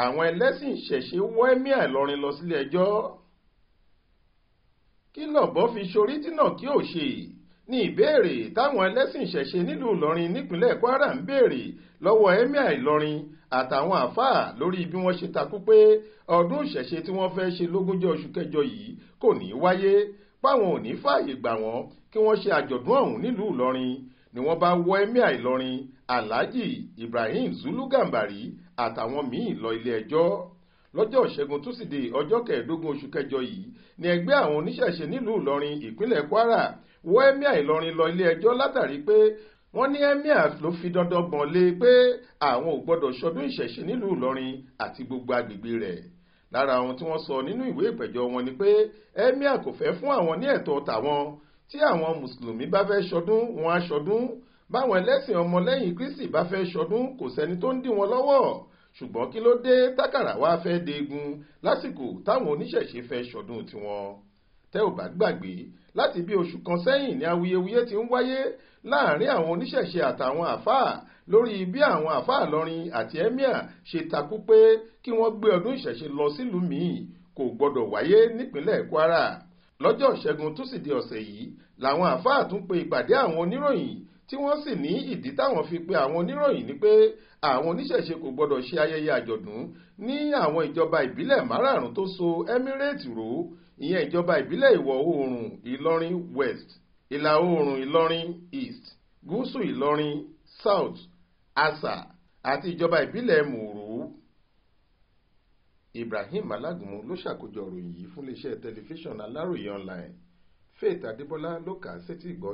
àwọn ẹlẹ́sìn ìṣẹ̀ṣe wọ́ ẹ́míà ìlọrin lọ sílé ẹjọ́ kí lọ́bọ̀ fi ṣorí dínà kí ò ṣe ní ìbéèrè táwọn ẹlẹ́sìn ìṣẹ̀ṣe nílùú ìlọrin nípínlẹ̀ kwara ń béèrè lọ́wọ́ ẹ́míà ìlọrin àtàwọn àáfàá lórí bí wọ́n ṣe takú pé ọdún ìṣẹ̀ṣe tí wọ́n fẹ́ ṣe lógúnjọ́ oṣù kẹjọ yìí kò ní í wáyé páwọn ò ní fààyè gbà wọ́n kí wọ́n ṣe àjọ̀dún ọ̀hún nílùú ìlọrin ni wọ́n bá wọ́ emir ìlọrin alhaji ibrahim zulu gambari àtàwọn míì lọ ilé-ẹjọ́ lọ́jọ́ ìṣẹ́gun túsídẹ̀ẹ́ ọjọ́ kẹẹ̀ẹ́dógún oṣù kẹjọ yìí ni ẹgbẹ́ àwọn oníṣẹ̀ṣe nílùú ìlọrin ìpínlẹ̀ kwara wọ́ emir ìlọrin lọ ilé-ẹjọ́ látàrí pé wọ́n ní emir ló fi dandan gbọ̀n lé pé àwọn ò gbọ́dọ̀ ṣọdún ìṣẹ̀ṣe nílùú ìlọrin àti gbogbo agbègbè rẹ̀ lára àwọn tí wọ́n sọ nínú ìwé ìpẹ̀jọ́ wọn ni pé emir kò fẹ́ fún àwọn ní ẹ̀tọ́ tàwọn tí àwọn mùsùlùmí bá fẹ́ ṣọdún wọn á ṣọdún báwọn ẹlẹ́sìn ọmọlẹ́yìn kristi bá fẹ́ ṣọdún kò sẹ́ni tó ń dì wọ́n lọ́wọ́ ṣùgbọ́n kí ló dé tákàrà wá fẹ́ deegun lásìkò táwọn oníṣẹ̀ṣe fẹ́ ṣọdún tiwọn tẹ́ ò bá gbàgbé láti bí oṣù kan sẹ́yìn ni awuyewuye ti ń wáyé láàrin àwọn oníṣẹ̀ṣe àtàwọn àfáà lórí bí àwọn àfáà lọrin àti emir ṣe takú pé kí wọ́n gbé ọdún ìṣẹ̀ṣe lọ sílùú míì kò gbọ́dọ̀ wáyé nípínlẹ̀ kwara lọ́jọ́ ìṣẹ́gun túsìdẹ̀ẹ́ ọ̀sẹ̀ yìí làwọn àáfàá tún pe ìpàdé àwọn oníròyìn tí wọ́n sì ní ìdí táwọn fi pe àwọn oníròyìn ni pé àwọn oníṣẹ̀ṣe kò gbọ́dọ̀ ṣe ayẹyẹ àjọ̀dún ní àwọn ìjọba ìbílẹ̀ márààrún tó so Emirate ró ìyẹn ìjọba ìbílẹ̀ ìwọ̀ oòrùn Ìlọrin West ìlà oòrùn Ìlọrin East gúúsù Ìlọrin South Asa àti ìjọba ìbílẹ̀ mòró Ibrahim Alágúnmu ló ṣàkójọ ìròyìn yìí fún iléeṣẹ́ tẹlifíṣàn Aláròye online Faith Adébọlá ló kà á sétí ìgbọ́